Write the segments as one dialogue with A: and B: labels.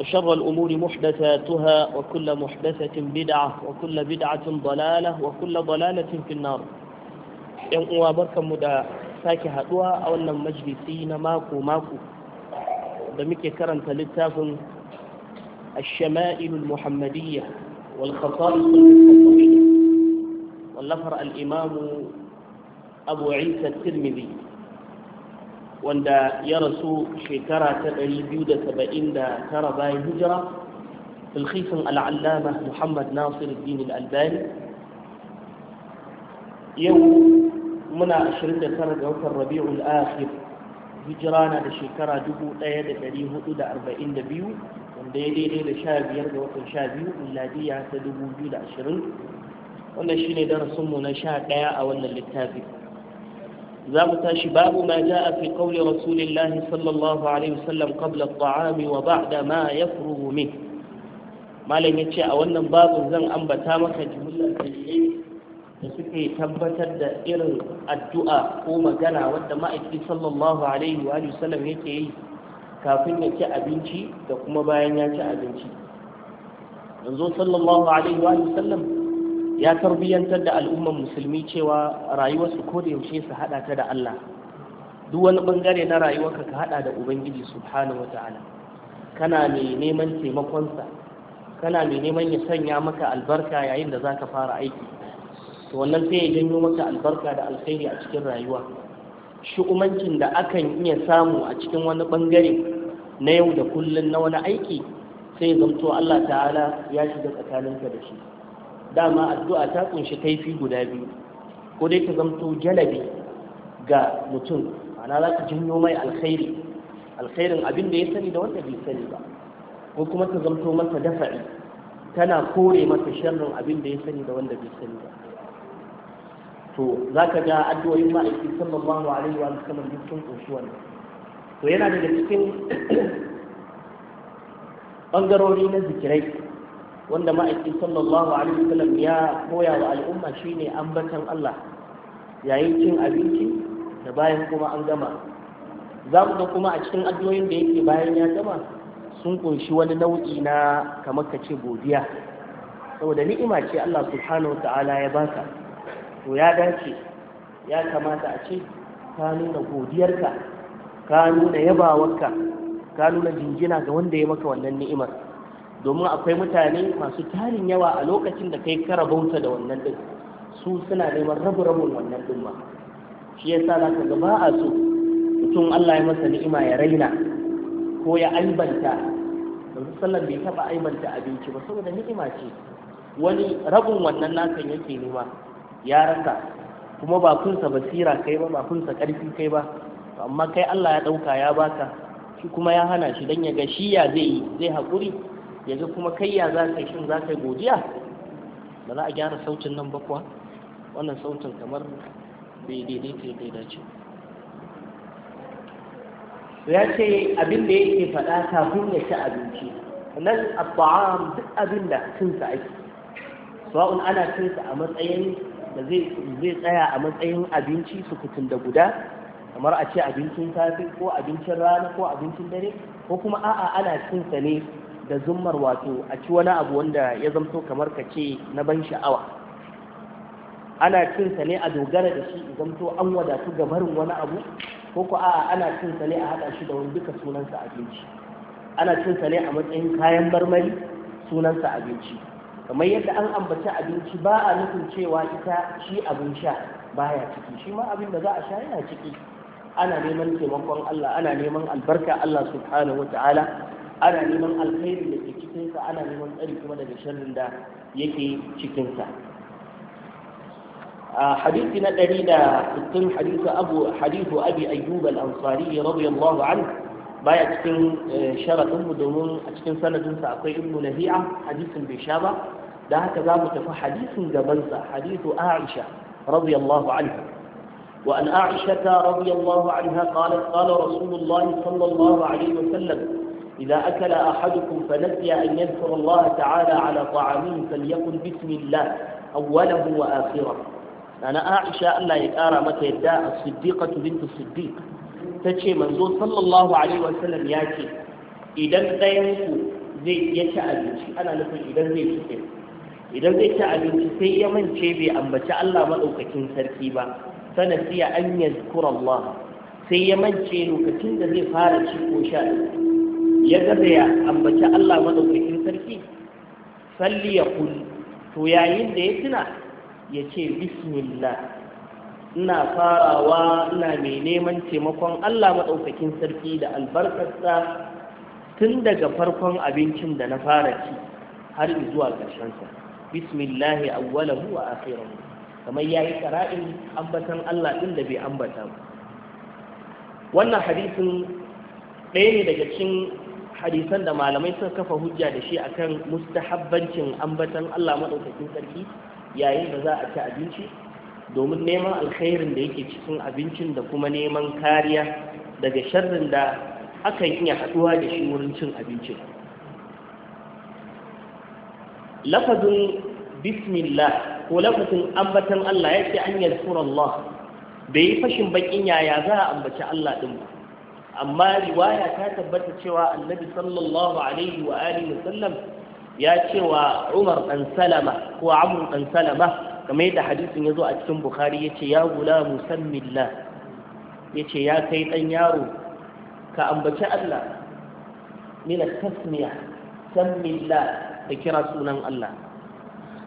A: وشر الأمور محدثاتها وكل محدثة بدعة وكل بدعة ضلالة وكل ضلالة في النار إن uwa مدى da sake أولا مجلسين ماكو ماكو na كرنت mako الشمائل المحمدية والخصائص واللفر الإمام أبو عيسى الترمذي wanda ya rasu shekara ta 279 bayan hijira filkhifin al'allama muhammad nasir din al'albani yau muna 29 ga watan rabi'ul akhir hijira na da shekara 1442 wanda ya daidai da 15 ga watan 12 miladiya ta 2020 wannan shine darasinmu na 11 a wannan littafin za mu tashi babu ma ja a fi kauli rasulillahi sallallahu alaihi wasallam qabla ta'ami wa ba'da ma furu min malam ya ce a wannan babu zan ambata maka jumlar dalilai da suke tabbatar da irin addu'a ko magana wadda ma'aiki sallallahu alaihi wa sallam yake yi kafin ya ci abinci da kuma bayan ya ci abinci yanzu sallallahu alaihi wa sallam ya tarbiyyantar da al'ummar musulmi cewa rayuwarsu ko da yaushe su hada ta da Allah duk wani bangare na rayuwarka ka hada da ubangiji subhanahu wata'ala kana mai neman taimakonsa kana mai neman ya sanya maka albarka yayin da zaka fara aiki to wannan sai ya janyo maka albarka da alkhairi a cikin rayuwa shi'umancin da akan iya samu a cikin wani bangare na yau da kullum na wani aiki sai zamto Allah ta'ala ya shiga tsakaninka da shi dama addu'a ta kunshi kaifi guda biyu ko dai ta zamto jalabi ga mutum ana za ta janyo mai alkhairi alkhairin abin da ya sani da wanda bai sani ba ko kuma ta zamto masa dafa'i tana kore masa sharrin abin da ya sani da wanda bai sani ba to za ka ga addu'o'in ma'aiki sallallahu alaihi wa sallam duk sun kunshi wannan to yana daga cikin bangarori na zikirai wanda ma'aikin sallallahu alaihi wasallam ya koya wa al'umma shine ambatan Allah yayin cin abinci da bayan kuma an gama za mu ga kuma a cikin addu'o'in da yake bayan ya gama sun kunshi wani nau'i na kamar ka ce godiya saboda ni'ima ce Allah subhanahu ta'ala ya baka to ya dace ya kamata a ce ka nuna godiyarka ka nuna yabawarka ka nuna jingina ga wanda ya maka wannan ni'imar domin akwai mutane masu tarin yawa a lokacin da kai kara bauta da wannan din su suna neman rabu rabin wannan din ma shi yasa za ka ga ba a so mutum Allah ya masa ni'ima ya raina ko ya aibanta yanzu sallan bai taba aibanta abinci ba saboda ni'ima ce wani rabin wannan nakan yake nema ya rasa kuma ba kunsa basira kai ba ba kunsa karfi kai ba amma kai Allah ya dauka ya baka shi kuma ya hana shi dan ya ga shi ya zai yi zai haƙuri yanzu kuma kai ya za ka yi shin za ka yi godiya ba za a gyara sautin nan ba wannan sautin kamar bai daidaita ya bai dace ya ce abin da yake faɗa kafin ya ci abinci nan abba'am duk abin da cinsa ake sawa'un ana cinsa a matsayin da zai tsaya a matsayin abinci su kutun da guda kamar a ce abincin safe ko abincin rana ko abincin dare ko kuma a'a ana cinsa ne da zummar wato a ci wani abu wanda ya zamto kamar ka ce na ban sha'awa ana cin sa ne a dogara da shi zamto an wadatu ga barin wani abu ko ko a'a ana cin sa ne a hada shi da wani duka sunansa abinci ana cin sa ne a matsayin kayan marmari sunansa abinci kamar yadda an ambaci abinci ba a nufin cewa ita shi abin sha baya ciki shi ma abin da za a sha yana ciki ana neman taimakon Allah ana neman albarka Allah subhanahu wa ta'ala ana neman alkhairin da ke cikinsa ana neman tsari kuma daga sharrin da yake cikinsa حديث ندري إلى التم حديث أبو حديث أبي أيوب الأنصاري رضي الله عنه باية تكن شرط أم دومون أتكن سنة سأقوي أم لهيعة حديث بشابة ده هكذا متفى حديث جبنسة حديث أعشة رضي الله عنها وأن أعشة رضي الله عنها قالت قال رسول الله صلى الله عليه وسلم إذا أكل أحدكم فنسي أن يذكر الله تعالى على طعامه فليقل بسم الله أوله وآخره أنا أعشى الله يقارى متى يدعى الصديقة بنت الصديق تشي منزول صلى الله عليه وسلم ياتي إذا تيمكو زي يتعبنش أنا نقول إذا زي تسير idan zai ci abinci sai ya mance bai ambaci Allah maɗaukakin sarki ba sana siya an yadkura Allah sai ya mance lokacin da zai fara ci ko sha ya gaza ya ambaci Allah maɗaukakin sarki salli ya kul to yayin da ya tuna ya ce bismillah ina farawa ina mai neman taimakon Allah maɗaukakin sarki da albarkarsa tun daga farkon abincin da na fara ci har zuwa ƙarshensa bismillah awwalahu wa akhirahu kamar yayi qara'in ambatan Allah din da bai ambata ba wannan hadisin ɗaya ne daga cikin hadisan da malamai sun kafa hujja da shi akan mustahabbancin ambatan Allah madaukakin sarki yayin da za a ci abinci domin neman alkhairin da yake cikin abincin da kuma neman kariya daga sharrin da akan iya haɗuwa da shi wurin cin abincin lafazin bismillah ko lafazin ambatan Allah yake an yadkura Allah bai fashin bakin yaya za a ambaci Allah din ba amma riwaya ta tabbata cewa annabi sallallahu alaihi wa alihi wa ya cewa Umar dan Salama ko Amr dan Salama kamar yadda hadisin ya zo a cikin Bukhari ya ce ya gulamu sammillah yace ya kai dan yaro ka ambaci Allah min tasmiya sammillah da kira sunan Allah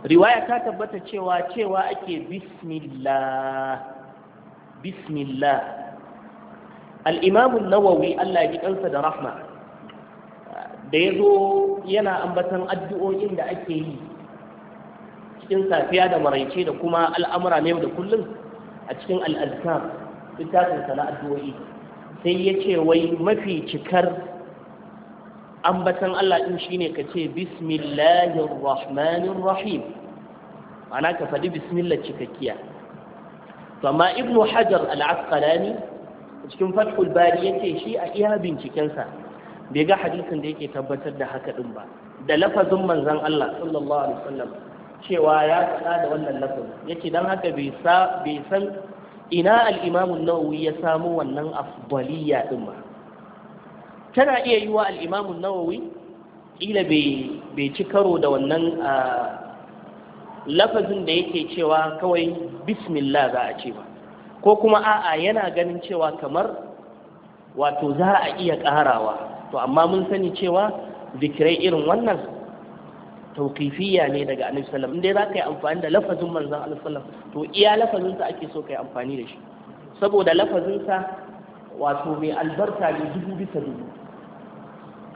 A: riwaya ta tabbata cewa cewa ake bismillah bismillah al'imamun nawawi Allah yi kansa da rahma da ya zo yana ambatan addu'o'in da ake yi cikin safiya da maraice da kuma al'amura na da kullum a cikin al'azkar littafinsa na addu'o'i sai ya ce wai mafi cikar ambatan Allah ɗin shi ne ka ce bismillahir rahmanir rahim ana ka faɗi bismillah cikakkiya to amma ibnu hajar al cikin fathul bari yake shi a iya bincikensa bai ga hadisin da yake tabbatar da haka din ba da lafazin manzon Allah sallallahu alaihi wasallam cewa ya faɗa da wannan lafazin yake dan haka bai sa bai san ina al-Imam an-Nawawi ya samu wannan afdaliya din ba tana iya wa al-Imam an-Nawawi kila bai bai ci karo da wannan ah, lafazin da yake cewa kawai bismillah za a ce ba ko kuma a'a yana ganin cewa kamar wato za a iya ƙarawa to amma mun sani cewa zikirai irin wannan tauƙifiya ne daga annabi sallam inda za ka yi amfani da lafazin manzon annabi sallam to iya lafazinsa ake so ka yi amfani da shi saboda lafazinsa wato mai albarka ne dubu bisa dubu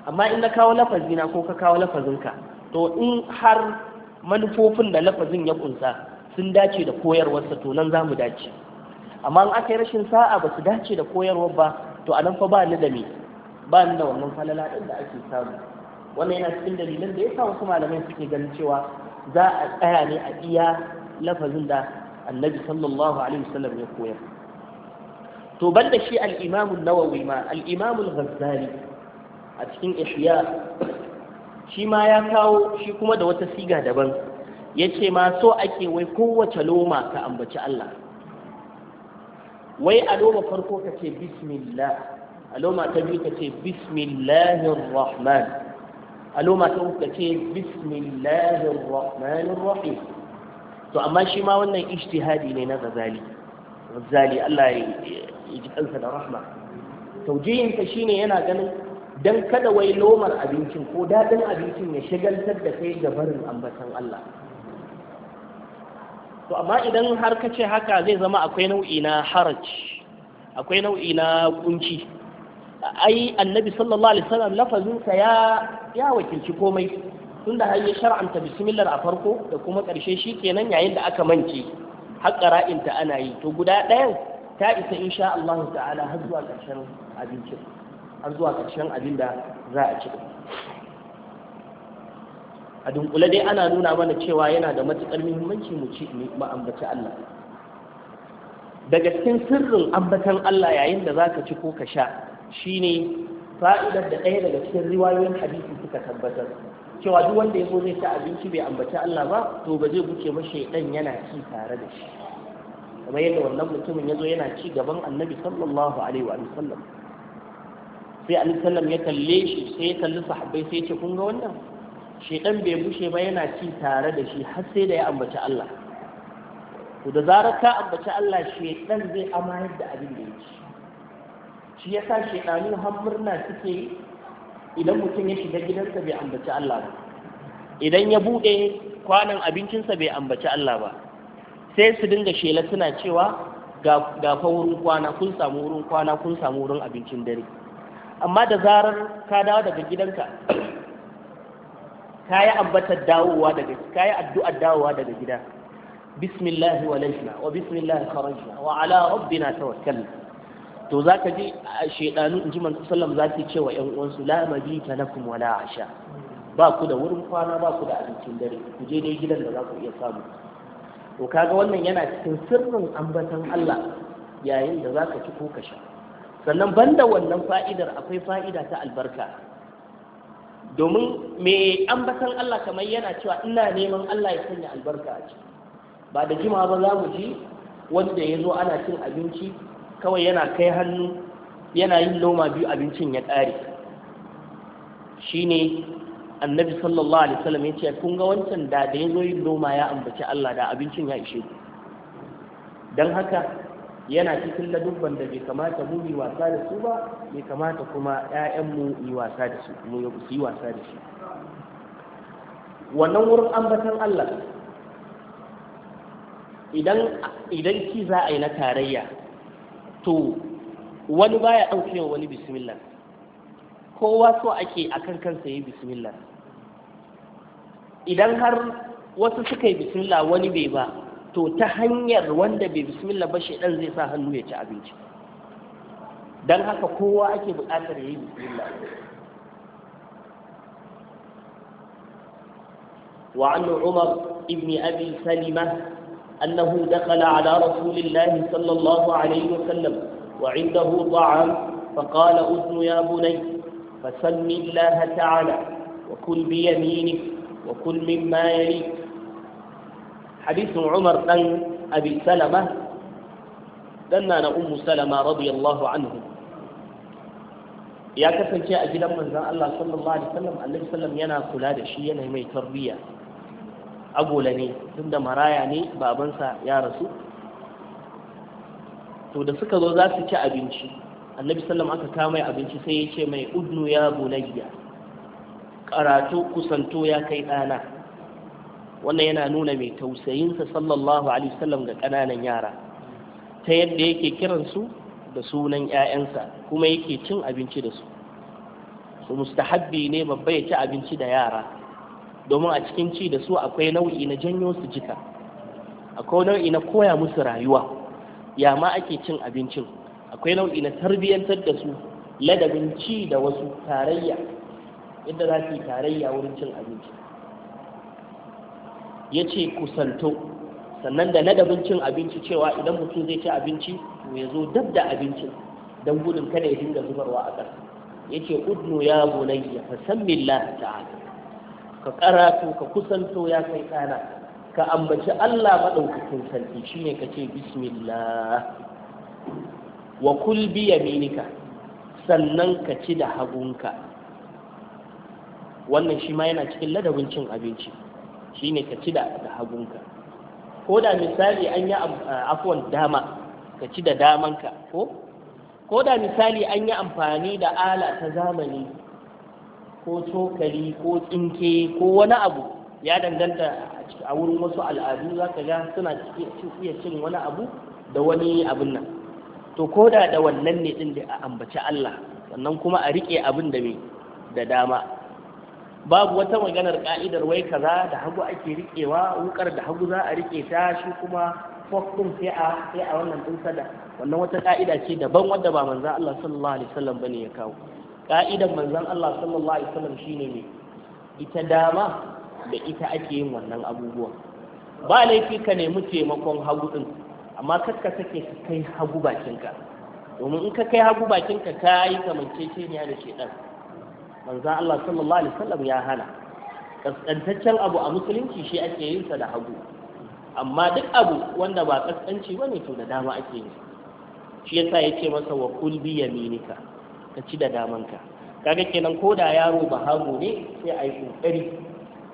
A: amma in na kawo lafazina ko ka kawo lafazinka to in har manufofin da lafazin ya kunsa sun dace da koyarwarsa to nan za mu dace amma in aka yi rashin sa'a ba su dace da koyarwar ba to a nan fa ba ni da me ba ni da wannan falala din da ake samu wannan yana cikin dalilan da yasa wasu malamai suke ganin cewa za a tsaya ne a iya lafazin da annabi sallallahu alaihi wasallam ya koyar to banda shi al-imam an-nawawi ma al-imam al-ghazali a cikin ihya shi ma ya kawo shi kuma da wata siga daban yace ma so ake wai kowace loma ka ambaci Allah wai a loma farko ka ce bismillah a loma ta biyu ka ce bismillahir rahman a loma ta uku ka ce bismillahir rahmanir rahim to amma shi ma wannan ijtihadi ne na ghazali ghazali Allah ya ji kansa da rahma taujihin ka shine yana ganin dan kada wai lomar abincin ko dadin abincin ya shagaltar da kai ga barin ambatan Allah to amma idan har ka ce haka zai zama akwai nau'i na haraj akwai nau'i na kunci ai annabi sallallahu alaihi wasallam lafazinsa ya ya wakilci komai tunda har ya shar'anta bismillah a farko da kuma karshe shi kenan yayin da aka mance haƙƙa ta ana yi to guda ɗayan ta isa insha Allah ta'ala har zuwa ƙarshen abincin har zuwa ƙarshen abin da za a ci a dunkule dai ana nuna mana cewa yana da matuƙar muhimmanci mu ci mu ambaci Allah daga cikin sirrin ambatan Allah yayin da zaka ci ko ka sha shine fa'idar da ɗaya daga cikin riwayoyin hadisi suka tabbatar cewa duk wanda yazo zai ci abinci bai ambaci Allah ba to ba zai buke ma shaydan yana ci tare da shi kamar yadda wannan mutumin yazo yana ci gaban Annabi sallallahu alaihi wa sallam sai Annabi sallam ya kalle shi sai ya kalli sahabbai sai ya ce kun ga wannan shedan bai bushe ba yana ci tare da shi har sai da ya ambaci Allah to da zarar ka ambaci Allah shedan zai amayar da abin da ya ci shi yasa shedanu har murna suke idan mutum ya shiga gidansa bai ambaci Allah ba idan ya bude kwanan abincinsa bai ambaci Allah ba sai su dinga shela suna cewa ga fa wurin kwana kun samu wurin kwana kun samu wurin abincin dare amma da zarar ka dawo daga gidanka Ka yi ambatar dawowa daga ka yi addu'ar dawowa daga gida bismillah walajna wa bismillah kharajna wa ala rabbina tawakkalna to za ka ji shedanu inji manzo sallam zaki ce wa ƴan uwansu la mabita lakum wala asha ba ku da wurin kwana ba ku da abincin dare ku je dai gidan da za ku iya samu to kaga wannan yana cikin sirrin ambatan Allah yayin da za ka ci ko ka sha sannan banda wannan fa'idar akwai fa'ida ta albarka domin me ambatan Allah kamar yana cewa ina neman Allah ya sanya albarka a ciki ba da jima ba za mu ji wanda ya zo ana cin abinci kawai yana kai hannu yana yin noma biyu abincin ya ƙare Shi ne, annabi sallallahu alaihi wasallam ya ce kun ga wancan da da ya zo yin noma ya ambaci Allah da abincin ya ishe ku don haka yana cikin ladubban da bai kamata mu yi wasa da su ba bai kamata kuma ƴaƴanmu yi wasa da su mu yi wasa da shi wannan wurin ambatan Allah idan idan ki za a yi na tarayya to wani baya ɗauke wa wani bismillah kowa so ake akan kansa yi bismillah idan har wasu suka yi bismillah wani bai ba to ta hanyar wanda bai bismillah ba shaidan zai sa hannu ya ci abinci don haka kowa ake buƙatar ya yi bismillah وعن عمر ابن أبي سلمة أنه دخل على رسول الله صلى الله عليه وسلم وعنده طعام فقال أذن يا بني فسم الله تعالى وكل بيمينك وكل مما يليك hadisin Umar dan Abi na Ummu Salama radiyallahu ya kasance a gidan manzon Allah sallallahu alaihi wasallam kula da shi yana mai tarbiyya agola ne tunda maraya ne babansa ya rasu to da suka zo za su ci abinci annabi aka kama abinci sai ya ce mai udnu ya bunayya karatu kusanto ya kai ɗana wannan yana nuna mai tausayinsa sallallahu alaihi wasallam ga ƙananan yara ta yadda yake kiransu da sunan 'ya'yansa kuma yake cin abinci da su su mustahabbi ne babba ya ci abinci da yara domin a cikin ci da su akwai nau'i na janyo su jika akwai nau'i na koya musu rayuwa ya ma ake cin abincin akwai nau'i na tarbiyyantar da su ladabin ci da wasu tarayya yadda za su yi tarayya wurin cin abinci ya ce kusanto sannan da ladabin cin abinci cewa idan mutum zai ci abinci to ya zo dab da abincin don gudun kada ya dinga zubarwa a ƙasa ya ce udnu ya bunayya fa sammillahi ta'ala ka karatu ka kusanto ya kai kana ka ambaci Allah maɗaukakin sarki shine ka ce bismillah wa kul bi yaminika sannan ka ci da hagunka wannan shi ma yana cikin ladabin cin abinci shine ka ci da hagunka ko da misali an yi eh, afuwan dama ka ci da damanka ko ko da misali an yi amfani da ala ta zamani ko cokali ko tsinke ko wani abu ya danganta a wurin wasu al'adu za ka ga suna iya cin wani abu da wani abin nan to ko da da wannan ne din da a ambaci Allah sannan kuma a riƙe abin da me da dama babu wata maganar ka'idar wai kaza da hagu ake rikewa wukar da hagu za a rike ta shi kuma fok ɗin sai a sai a wannan din sada wannan wata ka'ida ce daban wanda ba manzon Allah sallallahu alaihi wasallam bane ya kawo ka'idan manzon Allah sallallahu alaihi wasallam shine ne ita dama da ita ake yin wannan abubuwa ba laifi ka nemi taimakon hagu ɗin, amma kar ka sake ka kai hagu bakinka domin in ka kai hagu bakinka ka yi kamanceceniya da shedan manzan Allah sallallahu alaihi wasallam ya hana kaskantaccen abu a musulunci shi ake yin sa da hagu amma duk abu wanda ba kaskanci bane to da dama ake yi shi yasa ce masa wa kul bi yaminika ka ci da damanka kaga kenan ko da yaro ba hagu ne sai a yi kokari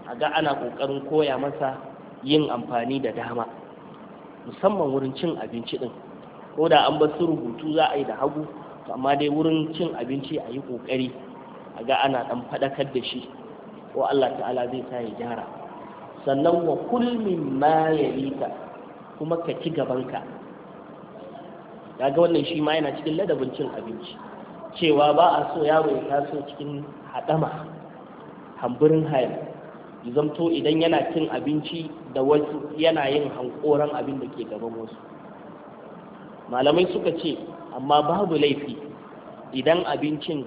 A: a ga ana kokarin koya masa yin amfani da dama musamman wurin cin abinci din ko da an ba su rubutu za a yi da hagu amma dai wurin cin abinci a yi kokari a ga ana ɗan faɗakar da shi ko Allah ta'ala zai sa ya gyara sannan wa kulmin ma ya rika kuma ka ci gabanka ya ga wannan shi ma yana cikin ladabin cin abinci cewa ba a so yaro ya taso cikin haɗama hamburin haya zamto idan yana cin abinci da wasu yana yin hankoran abin da ke gaban wasu malamai suka ce amma babu laifi idan abincin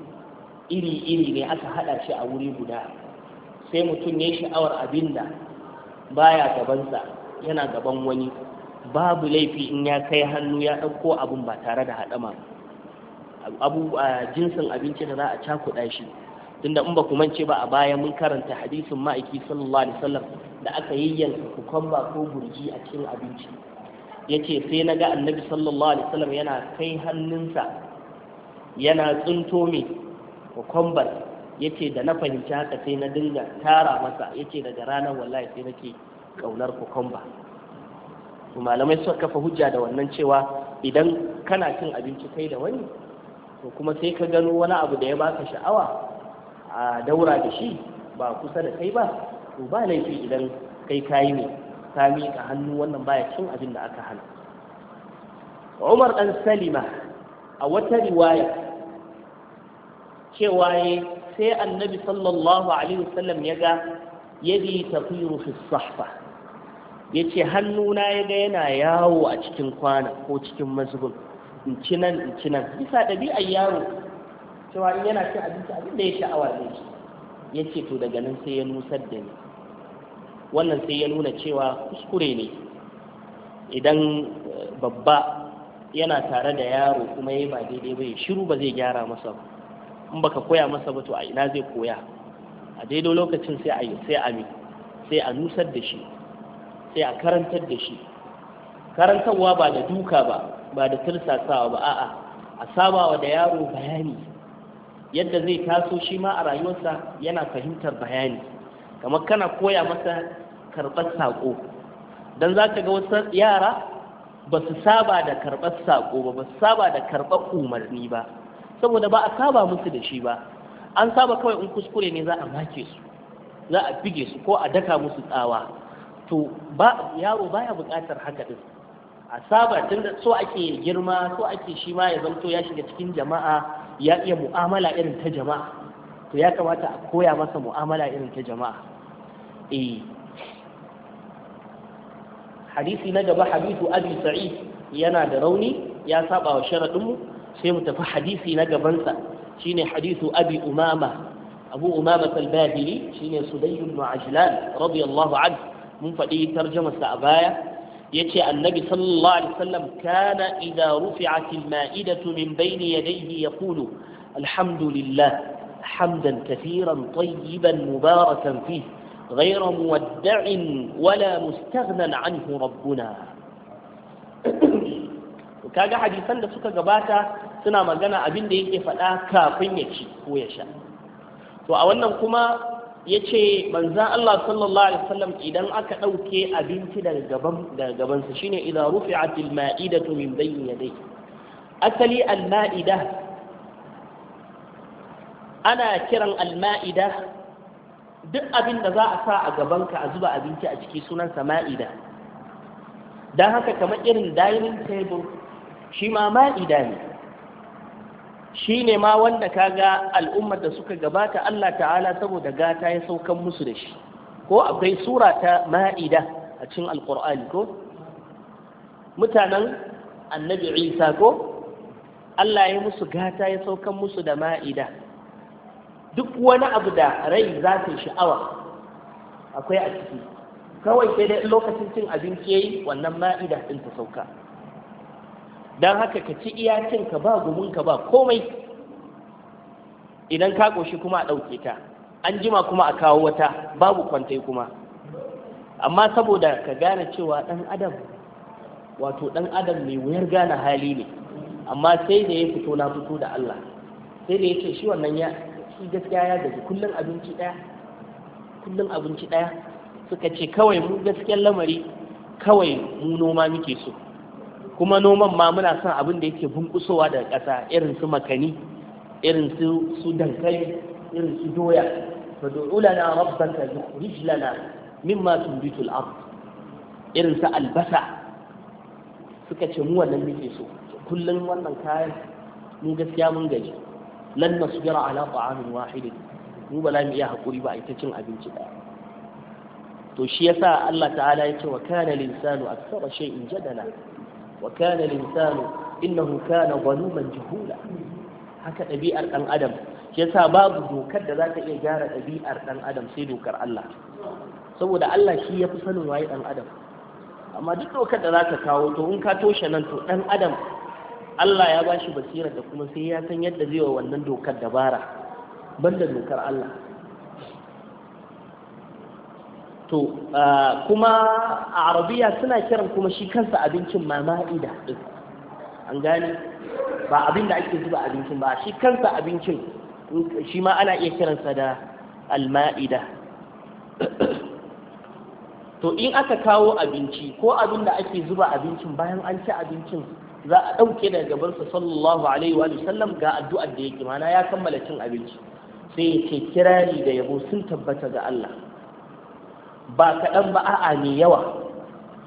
A: iri-iri ne aka haɗa shi a wuri guda sai mutum ne sha'awar abin da baya gabansa yana gaban wani babu laifi in ya kai hannu ya ɗauko abin ba tare da haɗama abu jinsin abinci da za a cakuɗa shi tunda in ba ku mance ba a baya mun karanta hadisin ma'aiki sallallahu alaihi wasallam da aka yayyanka kukumba ko gurji a cikin abinci yace sai na ga annabi sallallahu alaihi wasallam yana kai hannunsa yana tsinto mai kokombar yace da na fahimci haka sai na dinga tara masa yace daga ranar wallahi sai nake kaunar kokomba to malamai suka kafa hujja da wannan cewa idan kana cin abinci kai da wani to kuma sai ka gano wani abu da ya baka sha'awa a daura da shi ba kusa da kai ba to ba laifi idan kai kayi ne ka miƙa hannu wannan baya cin abin da aka hana Umar dan Salima a wata riwaya cewa yi sai annabi sallallahu alaihi wasallam ya ga yadi tafiru fi sahfa ya ce hannuna ya ga yana yawo a cikin kwana ko cikin mazubin in ci nan in ci nan bisa ɗabi'ar yaro cewa in yana cin abinci abin da ya sha'awa zai ci ya ce to daga nan sai ya nusar da ni wannan sai ya nuna cewa kuskure ne idan eh, babba yana tare da yaro kuma ya ba daidai ba ya shiru ba zai gyara masa ba in baka koya masa ba to a ina zai koya a daidai lokacin sai a yi sai a sai a nusar da shi sai a karantar da shi karantarwa ba da duka ba ba da tirsasawa ba a'a a sabawa da yaro bayani yadda zai taso shi ma a rayuwarsa yana fahimtar bayani kamar kana koya masa karɓar saƙo don za ka ga wasu yara ba su saba da karɓar saƙo ba ba su saba da karɓar umarni ba saboda ba a saba musu da shi ba an saba kawai in kuskure ne za a make su za a fige su ko a daka musu tsawa to ba yaro baya buƙatar haka din a saba tun da so ake girma so ake shi ma ya zanto ya shiga cikin jama'a ya iya mu'amala irin ta jama'a to ya kamata a koya masa mu'amala irin ta jama'a eh hadisi na gaba hadisu abi sa'id yana da rauni ya saba wa sharadin mu sai mu tafi hadisi na gabansa shine hadisu abi umama abu umama al-bahili shine sudayy ibn ajlan radiyallahu anhu mun faɗi tarjumarsa a baya yace annabi sallallahu alaihi wasallam kana idza rufi'at al-ma'idatu min bayni yadayhi yaqulu alhamdulillah hamdan kathiran tayyiban mubarakan fihi غير مودع ولا مستغنى عنه ربنا kaga hadisan da suka gabata suna magana abin da yake faɗa kafin ya ci ko ya sha to a wannan kuma ya ce manzan Allah sallallahu alaihi wasallam idan aka ɗauke abinci daga gaban daga gabansa shine idan rufi'atil ma'idatu min bayni yadai asali al-ma'ida ana kiran al-ma'ida duk abin da za a sa a gabanka a zuba abinci a ciki sunansa ma'ida don haka kamar irin dining table shi ma ma'ida ne shi ne ma wanda ka ga al'ummar da suka gabata Allah ta'ala saboda gata ya saukan musu da shi ko akwai sura ta ma'ida a cin alkur'ani ko mutanen annabi isa ko Allah ya musu gata ya saukan musu da ma'ida duk wani abu da rai za ta sha'awa akwai a ciki kawai sai dai lokacin cin abinci yi wannan ma'ida ɗin ta sauka don haka ka ci ka ba ka ba komai idan ka ƙoshi kuma a ɗauke ta an jima kuma a kawo wata babu kwantai kuma amma saboda ka gane cewa ɗan adam wato ɗan adam mai wuyar gane hali ne amma sai da ya fito na fito da Allah sai da ya ce shi wannan ya shi gaskiya ya gaji kullum abinci ɗaya kullum abinci ɗaya suka ce kawai mu gaskiyar lamari kawai mu noma muke so kuma noman ma muna son abin da yake bunkusowa daga ƙasa irin su makani irin su su dankali irin su doya fa du'u lana rabbaka yukhrij lana mimma tunbitu al-ard irin su albasa suka ce mu wannan muke so kullun wannan kayan mu gaskiya mun gaji lan nasbira ala ta'amin wahidin mu ba mu iya hakuri ba ita cin abinci ba. to shi yasa Allah ta'ala ya ce wa kana linsanu aktsara shay'in jadala وكان الإنسان إنه كان ظلوما جهولا haka ɗabi'ar ɗan adam yasa babu dokar da za ta iya gyara ɗabi'ar ɗan adam sai dokar Allah saboda Allah shi ya fi sanin waye ɗan adam amma duk dokar da za ka kawo to in ka toshe nan to ɗan adam Allah ya bashi basira da kuma sai ya san yadda zai wa wannan dokar dabara banda dokar Allah to ah, kuma a arabiya suna kiran kuma shi kansa abincin ma ma'ida din an gane ba abin da ake zuba abincin ba shi kansa abincin shi ma ana iya kiransa da alma'ida to in aka kawo abinci ko abin da ake zuba abincin bayan an ci abincin za a ɗauke daga gabansa sallallahu alaihi wa sallam ga addu'ar da yake mana ya kammala cin abinci sai ya ce kirari da yabo sun tabbata ga Allah ba kaɗan ba a'a mai yawa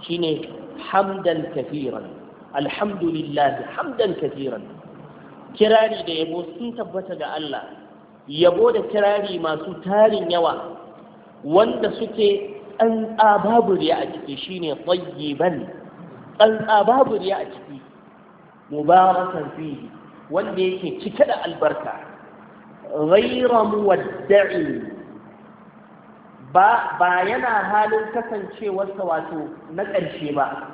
A: shine hamdan kafiran alhamdulillah hamdan kafiran kirari da yabo sun tabbata ga Allah yabo da kirari masu tarin yawa wanda suke tsantsa babu riya a ciki shine tayyiban tsantsa babu riya a ciki mubarakan fihi wanda yake cike da albarka ghayra muwadda'i ba yana halin kasancewarsa wato na ƙarshe ba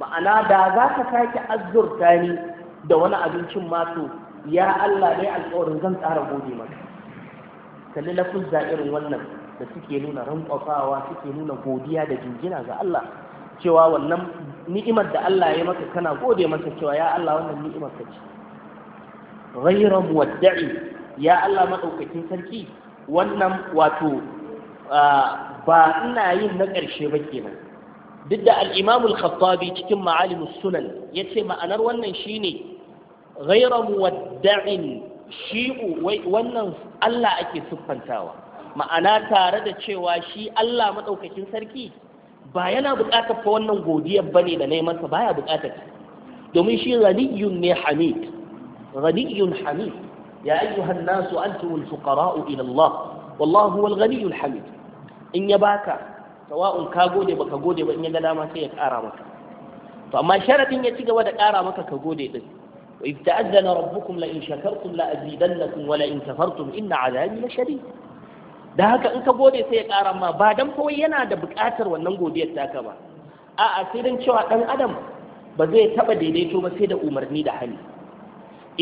A: ma'ana da za ka sake azurta ni da wani abincin mato ya Allah dai alƙawarin zan tsara gode maka kalli na kuzza irin wannan da suke nuna rankwafawa suke nuna godiya da jinjina ga Allah cewa wannan ni'imar da Allah ya maka kana gode masa cewa ya Allah wannan ni'imar ka ce ghayra muwadda'i ya Allah madaukakin sarki wannan wato ba ina yin na ƙarshe ba kenan duk da al al-Khattabi cikin Ma'alim sunan yace ma'anar wannan shine ghayra muwadda'in shi'u wannan Allah ake siffantawa ma'ana tare da cewa shi Allah madaukakin sarki ba yana buƙatar fa wannan godiyar bane da nayi baya buƙatar domin shi ghaniyun ne hamid ghaniyun hamid ya ayyuhan nasu antumul fuqara'u ila Allah wallahu huwal ghaniyul hamid in ya baka tawa'un ka gode baka gode ba in ya ga dama sai ya kara maka to amma sharadin ya ci gaba da kara maka ka gode din wa idh ta'azzana rabbukum la in shakartum la azidannakum wa la in kafartum inna 'adabi la shadid da haka in ka gode sai ya kara ma ba dan kawai yana da buƙatar wannan godiyar taka ba a'a sai dan cewa dan adam ba zai taba daidaito ba sai da umarni da hali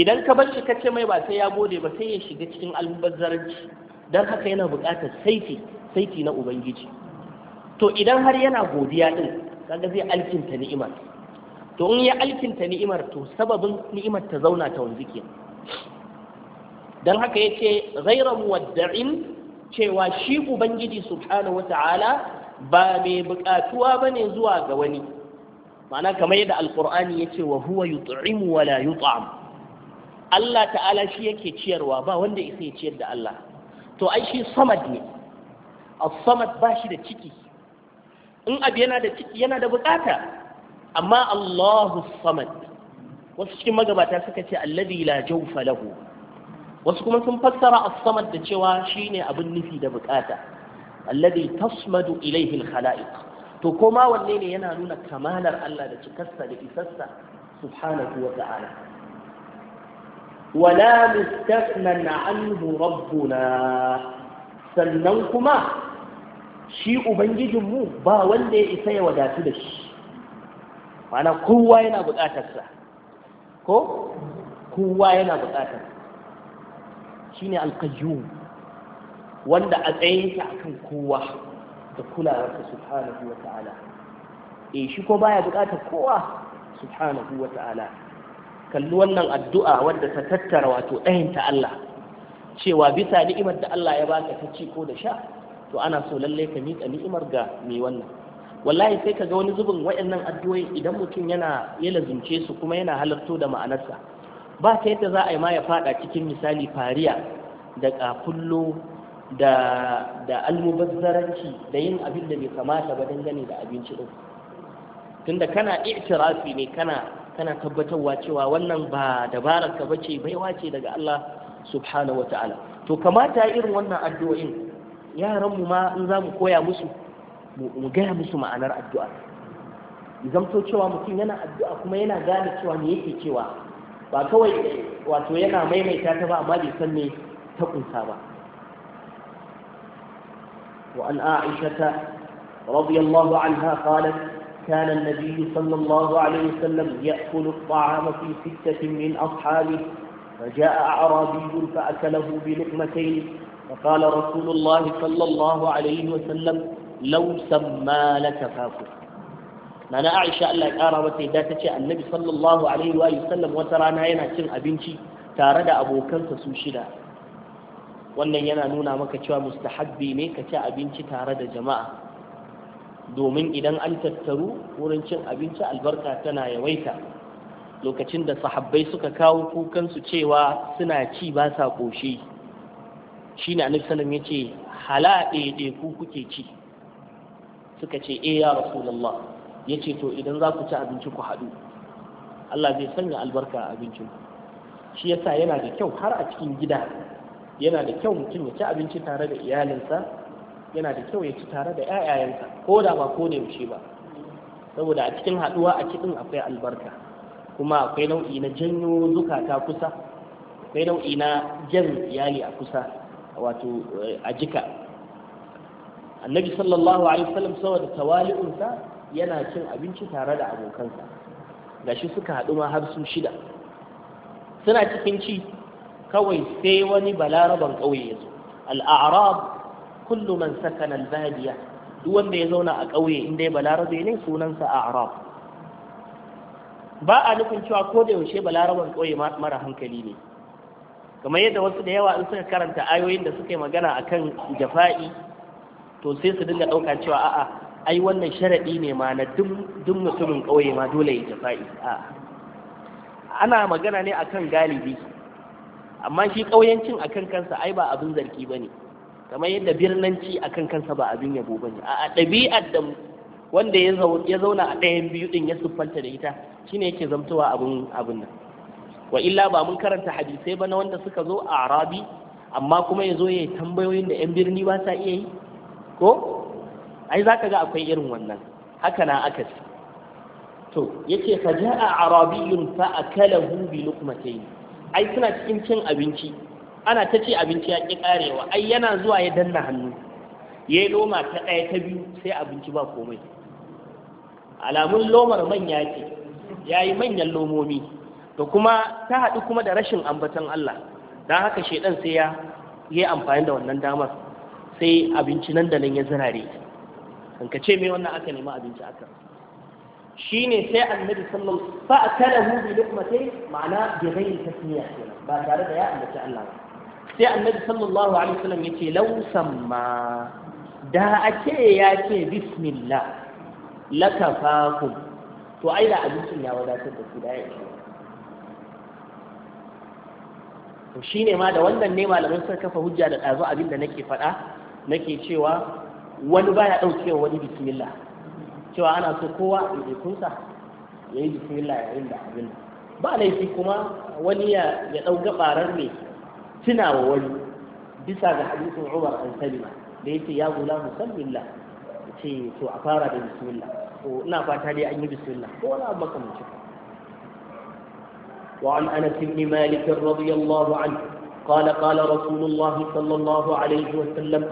A: idan ka bar shi kace mai ba sai ya gode ba sai ya shiga cikin almubazzaranci don haka yana buƙatar saiti saiti na ubangiji to idan har yana godiya din kaga zai alkinta ni'imar to in ya alkinta ni'imar to sababin ni'imar ta zauna ta wanzu ke don haka yace ghaira muwadda'in cewa shi ubangiji subhanahu wata'ala ba mai buƙatuwa bane zuwa ga wani ma'ana kamar yadda ya ce, wa huwa yut'imu wala yut'am Allah ta'ala shi yake ciyarwa ba wanda isa ya ciyar da Allah to ai shi samad ne samad ba shi da ciki in abu yana da ciki yana da bukata amma Allahu samad wasu cikin magabata suka ce alladhi la jawfa lahu wasu kuma sun fassara as-samad da cewa shine abin nufi da bukata alladhi tasmadu ilayhi al-khalaiq to koma wanne ne yana nuna kamalar Allah da cikarsa da isarsa subhanahu wa ta'ala wala mustaqnan anhu rabbuna sannan kuma shi ubangijinmu ba wanda ya isa ya wadatu da shi mana kowa yana buƙatarsa ko kowa yana buƙatar shi ne alkajiyu wanda a tsayinsa a akan kowa da kulawarsa subhanahu wa ta'ala e shi ko baya buƙatar kowa subhanahu wa ta'ala kalli wannan addu'a wadda ta tattara wato ɗayinta Allah cewa bisa ni'imar da Allah ya baka ta ci ko da sha to ana so lalle ka miƙa ni'imar ga mai wannan wallahi sai ka ga wani zubin waɗannan addu'o'i idan mutum yana ya lazumce su kuma yana halarto da ma'anarsa ba ta yadda za a yi ma ya fada cikin misali fariya da ƙafullo da da almubazzaranci da yin abin da bai kamata ba dangane da abinci ɗin. tunda kana i'tirafi ne kana kana tabbatarwa cewa wannan ba dabarar ka bace baiwa ce daga Allah subhanahu wataala to kamata irin wannan addu'o'in yaran mu ma in zamu koya musu mu gaya musu ma'anar addu'a idan to cewa mutum yana addu'a kuma yana gane cewa me yake cewa ba kawai wato yana maimaita ta ba amma bai san me ta kunsa ba وعن عائشة رضي الله عنها قالت كان النبي صلى الله عليه وسلم يأكل الطعام في ستة من أصحابه فجاء أعرابي فأكله بلقمتين فقال رسول الله صلى الله عليه وسلم لو سمى لك فاكل ما أنا أعيش أن لك أرى النبي صلى الله عليه وآله وسلم وترى نعينا سمع أبنتي تارد أبو كنت سوشدا وأن ينا نونا مكتوى مستحبيني ميكتا أبنتي تارد جماعة domin idan an tattaru wurin cin abinci albarka tana yawaita lokacin da sahabbai suka kawo kukansu cewa suna ci ba sa ƙoshi shi na nufisanin ya ce hala ɗaiɗe ku kuke ci suka ce e ya rasulallah ya ce to idan za ku ci abinci ku haɗu Allah zai sanya albarka a abincin shi yasa yana da kyau har a cikin gida yana da kyau mutum ya ci abinci tare da iyalinsa yana da kyau ya ci tare da 'ya'yayensa ko da ba ko da yaushe ba saboda a cikin haɗuwa a kiɗin akwai albarka kuma akwai nau'i na janyo zukata kusa akwai nau'i na jan iyali a kusa wato eh, a jika annabi sallallahu alaihi wasallam saboda tawali'unsa yana cin abinci tare da abokansa gashi suka haɗu ma har su shida suna cikin ci kawai sai wani balaraban ƙauye ya zo al'arab kullu man sakana al-badiya duk wanda ya zauna a ƙauye inda ya balarabe ne sunansa a'rab ba a nufin cewa ko da yaushe balaraban ƙauye mara hankali ne kamar yadda wasu da yawa in suka karanta ayoyin da suka yi magana akan jafa'i to sai su dinga ɗauka cewa a'a ai wannan sharaɗi ne ma na duk mutumin ƙauye ma dole ya jafa'i a'a ana magana ne akan galibi amma shi ƙauyancin akan kansa ai ba abin zargi ba ne kamar yadda birnanci akan kansa ba abin yabo ba ne a ɗabi'ar da wanda ya zauna a ɗayan biyu ɗin ya siffanta da ita shine yake zamtowa abin abin nan wa illa ba mun karanta hadisai ba na wanda suka zo a arabi amma kuma ya zo ya yi tambayoyin da 'yan birni ba sa iya yi ko ai za ka ga akwai irin wannan haka na aka ce to ya ce fa ja'a arabiyun fa akalahu bi luqmatayn ai suna cikin cin abinci ana ta ce abinci ya ƙi ƙarewa ai yana zuwa ya danna hannu ya yi loma ta ɗaya ta biyu sai abinci ba komai alamun lomar manya ce ya yi manyan lomomi da kuma ta haɗu kuma da rashin ambaton Allah don haka shaidan sai ya yi amfani da wannan damar sai abinci nan da nan ya zirare ka ce mai wannan aka nema abinci aka shi ne sai annabi sallam fa akala hu bi sai ma'ana bi ghayri tasmiya ba tare da ya ambaci Allah ba sai annabi sallallahu alaihi wasallam yace law samma da ake ya ce bismillah lakafakum to ai da abincin ya wadatar da ku da ya ce to shine ma da wannan ne malaman suka kafa hujja da ɗazu abinda nake faɗa nake cewa wani baya ɗaukewa wani bismillah cewa ana so kowa ya kunsa ya yi bismillah yayin da abin ba laifi kuma wani ya ɗau gabarar ne سنا بس هذا حديث عمر عن سلمة ليت يا غلام سلم الله في تو أفارا بسم الله ونا فاتالي أني بسم الله ولا أبقى من شكرا وعن أنس بن مالك رضي الله عنه قال قال رسول الله صلى الله عليه وسلم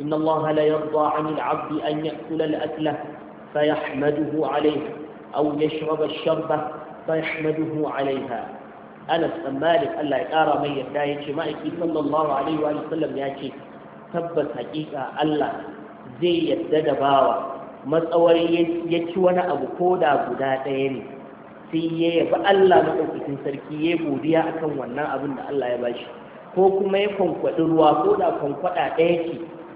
A: إن الله لا يرضى عن العبد أن يأكل الأكلة فيحمده عليه أو يشرب الشربة فيحمده عليها Anas dan Malik Allah ya ƙara mai yarda ya ce ma'aiki sallallahu alaihi wa sallam ya ce tabbas haƙiƙa Allah zai yarda da bawa matsawar ya ci wani abu ko da guda ɗaya ne sai ya yabi Allah maɗaukakin sarki ya godiya akan wannan abin da Allah ya bashi ko kuma ya kwankwaɗi ruwa ko da kwankwaɗa ɗaya ce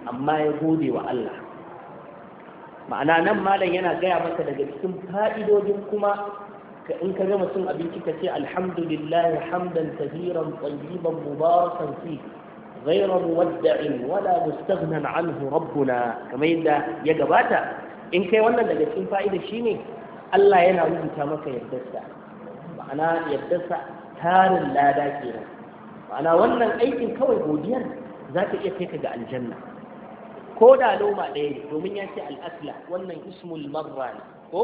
A: amma ya gode wa Allah ma'ana nan malam yana gaya masa daga cikin fa'idodin kuma in ka gama cin abinci ka ce alhamdulillah hamdan tahiran tayyiban mubarakan fi غير مودع ولا مستغنى عنه ربنا كما yadda ya gabata in kai wannan daga cikin fa'ida shine Allah yana rubuta maka yardarsa ma'ana yardarsa tarin lada kenan ma'ana wannan aikin kawai godiyar za ta iya kai ka ga aljanna ko da loma ɗaya ne domin ya ce al'asla wannan ismul marra ne ko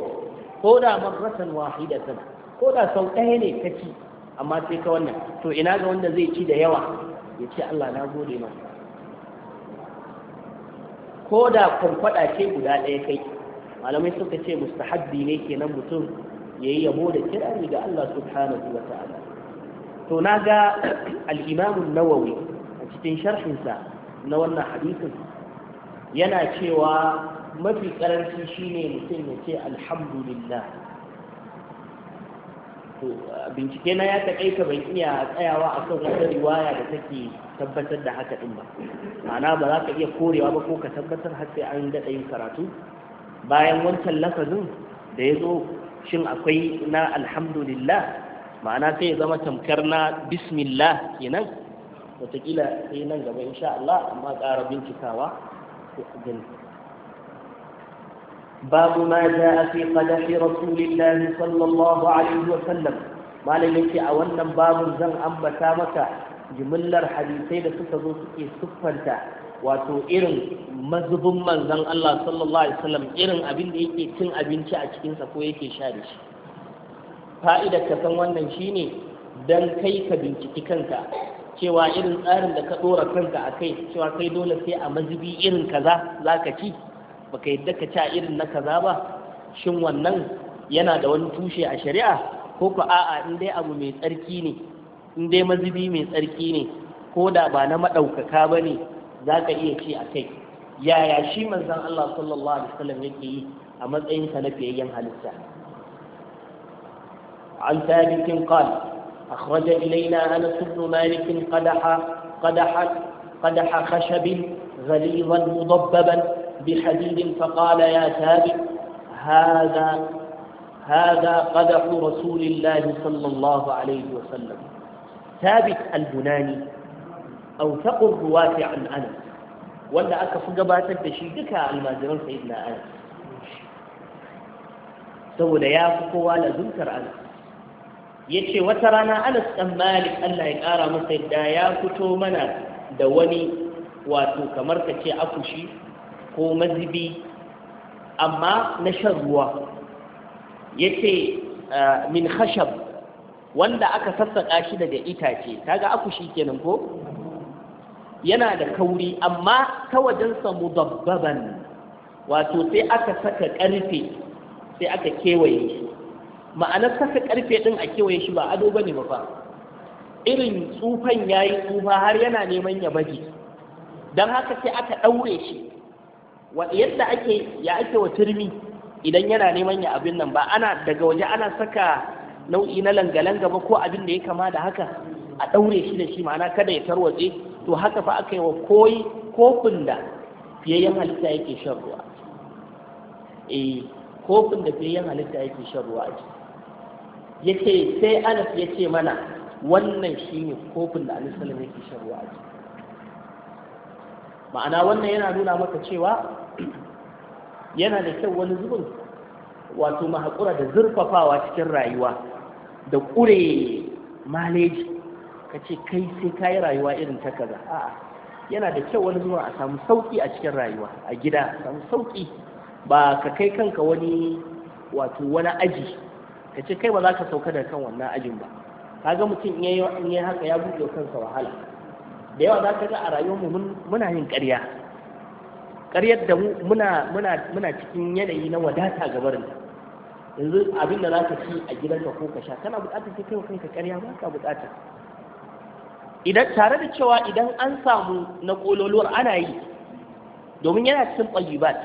A: ko da marratan wahidatan ko da sau ɗaya ne ka ci amma sai ka wannan to ina ga wanda zai ci da yawa ya ce Allah na gode ma ko da kwankwada ce guda ɗaya kai malamai suka ce mustahabbi ne kenan mutum yayi yabo da kirari ga Allah subhanahu wa ta'ala to naga ga al-Imam nawawi a cikin sharhinsa na wannan hadisin yana cewa mafi karanci shine mutum ya ce alhamdulillah bincike na ya taƙaita ban iya tsayawa a kan wata riwaya da take tabbatar da haka ɗin ba ma'ana ba za ka iya korewa ba ko ka tabbatar har sai an daɗa yin karatu bayan wancan lafazin da ya zo shin akwai na alhamdulillah ma'ana sai ya zama tamkar na bismillah kenan wataƙila sai nan gaba insha Allah amma ƙara bincikawa باب ما جاء في قدح رسول الله صلى الله عليه وسلم ما لك أولا باب زن أم متامك jimillar hadisai da suka zo suke siffanta wato irin mazubin manzan Allah sallallahu alaihi wasallam irin abin da yake cin abinci a cikinsa ko yake sha da shi fa'idar ka san wannan shine dan kai ka binciki kanka cewa irin tsarin da ka dora kanka a kai cewa kai dole sai a mazubi irin kaza zaka ci baka yadda ka ca irin na kaza ba shin wannan yana da wani tushe a shari'a ko ku a'a in dai abu mai tsarki ne in dai mazubi mai tsarki ne ko da ba na maɗaukaka ba ne za ka iya ce a kai yaya shi manzan Allah sallallahu alaihi wasallam yake yi a matsayinsa na fiyayyen halitta An ثابت bikin أخرج إلينا أنس بن مالك قدح قدح قدح خشب غليظا مضببا بحديد فقال يا ثابت هذا هذا قدح رسول الله صلى الله عليه وسلم ثابت البناني أوثق الرواة عن أنس ولا أكا فقبات الدشي دكا المازرون سيدنا أنس سوى يافق ولا لذنكر أنس يتشي وترانا أنس أم مالك ألا يقارى مسيدنا يا فتو منا دوني واتو كمركة أفشي ko mazibi amma na shan ruwa ya ce ah, min khashab wanda aka sassaƙa shi daga itace kaga akushi kenan ko yana da kauri amma ta wajensa mudabbaban wato sai aka saka ƙarfe sai aka kewaye shi ma'anar saka ƙarfe ɗin a kewaye shi ba ado bane ba fa irin tsufan yi tsufa har yana neman ya baje don haka sai aka ɗaure shi yadda ake ya ake wa turmi idan yana neman ya abin nan ba ana daga waje ana saka nau'i na langa-langa ba ko abin da ya kama da haka a ɗaure shi da shi ma'ana kada ya tarwatse to haka fa aka yi wa koyi kofin da fiyayyen halitta yake shan ruwa E, kofin da fiyayyen halitta yake shan ruwa yake sai anas ya ce mana wannan shi ne kofin da alisalam yake shan ruwa a ciki ma'ana wannan yana nuna maka cewa yana da kyau wani zubin wato mahakura da zurfafawa cikin rayuwa da ƙure maleji ka ce kai sai ka yi rayuwa irin ta kaza a'a yana da kyau wani zuwa a samu sauƙi a cikin rayuwa a gida samu sauƙi ba ka kai kanka wani wato wani aji ka ce kai ba za ka sauka da kan wannan ajin ba Ka ga mutum in yi haka ya buɗe kansa wahala da yawa za ka ga a rayuwarmu muna yin ƙarya ƙaryar da muna cikin yanayi na wadata ga barin yanzu abin da za ka ci a gidanka ko ka sha kana buƙatar sai kai kanka ƙarya ba ka buƙata idan tare da cewa idan an samu na ƙololuwar ana yi domin yana cikin ƙwajibat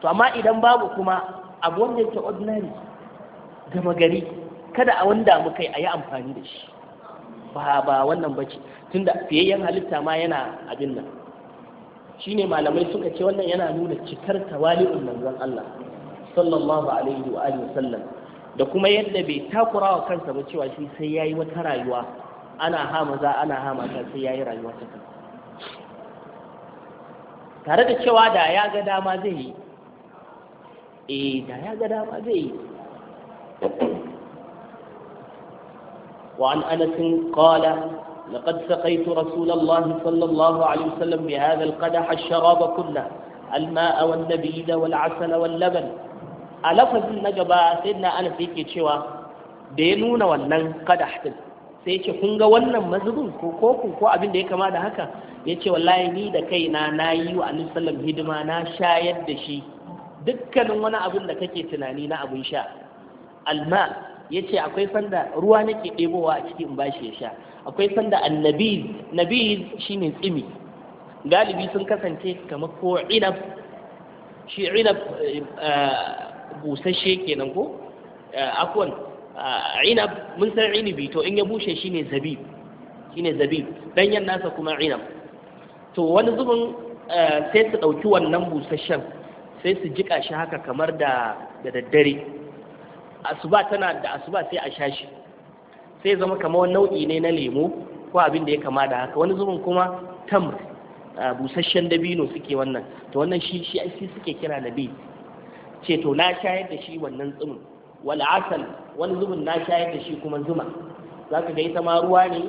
A: to amma idan babu kuma abu wanda yake ordinary gama gari kada a wanda mu kai a yi amfani da shi ba ba wannan bace tunda fiyayyen halitta ma yana abin nan shine malamai suka ce wannan yana nuna cikar tawali'un manzon Allah sallallahu alaihi wa alihi sallam da kuma yadda bai takura wa kansa ba cewa shi sai yayi wata rayuwa ana hama za ana hama ta sai yayi rayuwa ta kansa
B: tare da cewa
A: da ya ga dama zai yi eh da ya ga dama zai yi وعن أنس قال لقد سقيت رسول الله صلى الله عليه وسلم بهذا القدح الشراب كله الماء والنبيذ والعسل واللبن a lafazin na gaba sai na anas yake cewa da ya nuna wannan kadah din sai ce kun ga wannan mazubin ko koko ko abin da ya kama da haka ya ce wallahi ni da kaina na yi wa annabi sallam hidima na shayar da shi dukkanin wani abin da kake tunani na abin sha alma ya ce akwai sanda ruwa nake ɗebowa a cikin bashi ya sha akwai sanda annabiz shi ne tsimi galibi sun kasance kamar ko inab shi inab eh, busasshe kenan ko eh, akwai eh, inab mun san inibi to in ya bushe shi ne shine zabib danyen nasa kuma inab to wani zubin sai su ɗauki wannan busasshen sai su jika shi haka kamar da daddare asuba tana da asuba sai a sha shi sai zama kamar nau'i ne na lemo ko abin da ya kama da haka wani zubin kuma tamr busasshen dabino suke wannan to wannan shi shi suke kira da bi ce to na shayar da shi wannan tsumin wal asal wani zubin na shayar da shi kuma zuma zaka ga ita ma ruwa ne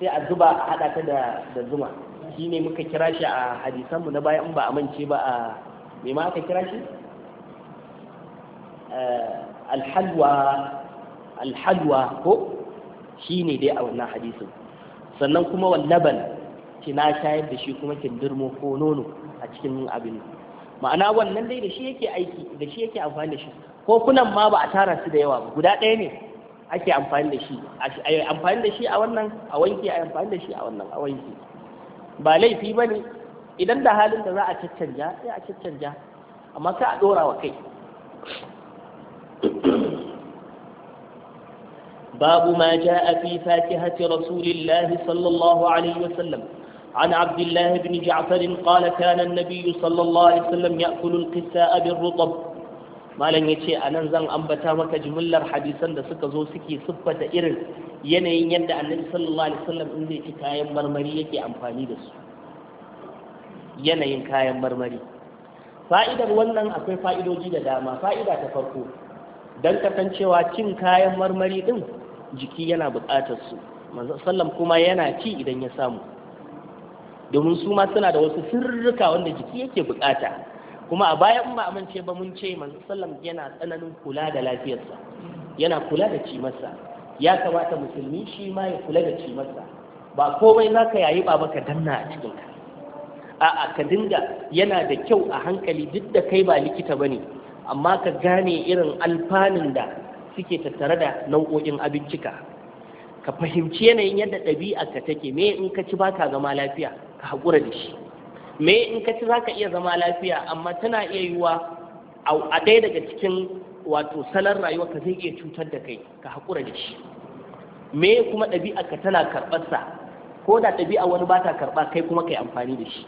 A: sai a zuba a hada ta da da zuma ne muka kira shi a hadisan mu na baya in ba mance ba a me ma aka kira shi alhalwa alhalwa ko shi ne dai a wannan hadisin sannan kuma wallaban ki na shayar da shi kuma kindirmo ko nono a cikin abin ma'ana wannan dai da shi yake aiki da shi yake amfani da shi ko kunan ma ba a tara su da yawa ba guda ɗaya ne ake amfani da shi a amfani da shi a wannan a wanke a amfani da shi a wannan a wanke ba laifi ba ne idan da halin da za a caccanja sai a caccanja amma sai a ɗora wa kai باب ما جاء في فاكهة رسول الله صلى الله عليه وسلم عن عبد الله بن جعفر قال كان النبي صلى الله عليه وسلم يأكل القساء بالرطب malam ya ce a zan ambata maka jimillar hadisan da suka zo suke siffata irin yanayin yadda annabi sallallahu alaihi wasallam in zai ci kayan marmari yake amfani da su yanayin kayan marmari fa'idar wannan akwai fa'idodi da dama fa'ida ta farko don cewa cin kayan marmari ɗin, jiki yana buƙatar su manzo sallam kuma yana ci idan ya samu domin su ma suna da wasu sirrika wanda jiki yake buƙata kuma a bayan ba amince ba mun ce manzo sallam yana tsananin kula da lafiyarsa yana kula da cimarsa ya kamata musulmi shi ma ya kula da cimarsa ba komai za yayi ba ka danna a cikin a'a ka dinga yana da kyau a hankali duk da kai ba likita bane amma ka gane irin alfanun da suke tattare da nau'o'in abincika ka fahimci yanayin yadda ɗabi'a ka take me in ka ci baka zama lafiya ka haƙura da shi me in ka ci zaka iya zama lafiya amma tana iya yiwuwa a ɗaya daga cikin wato salon rayuwa ka zai iya cutar da kai ka haƙura da shi me kuma ɗabi'a ka tana karɓarsa ko da ɗabi'a wani bata ta karɓa kai kuma kai amfani da shi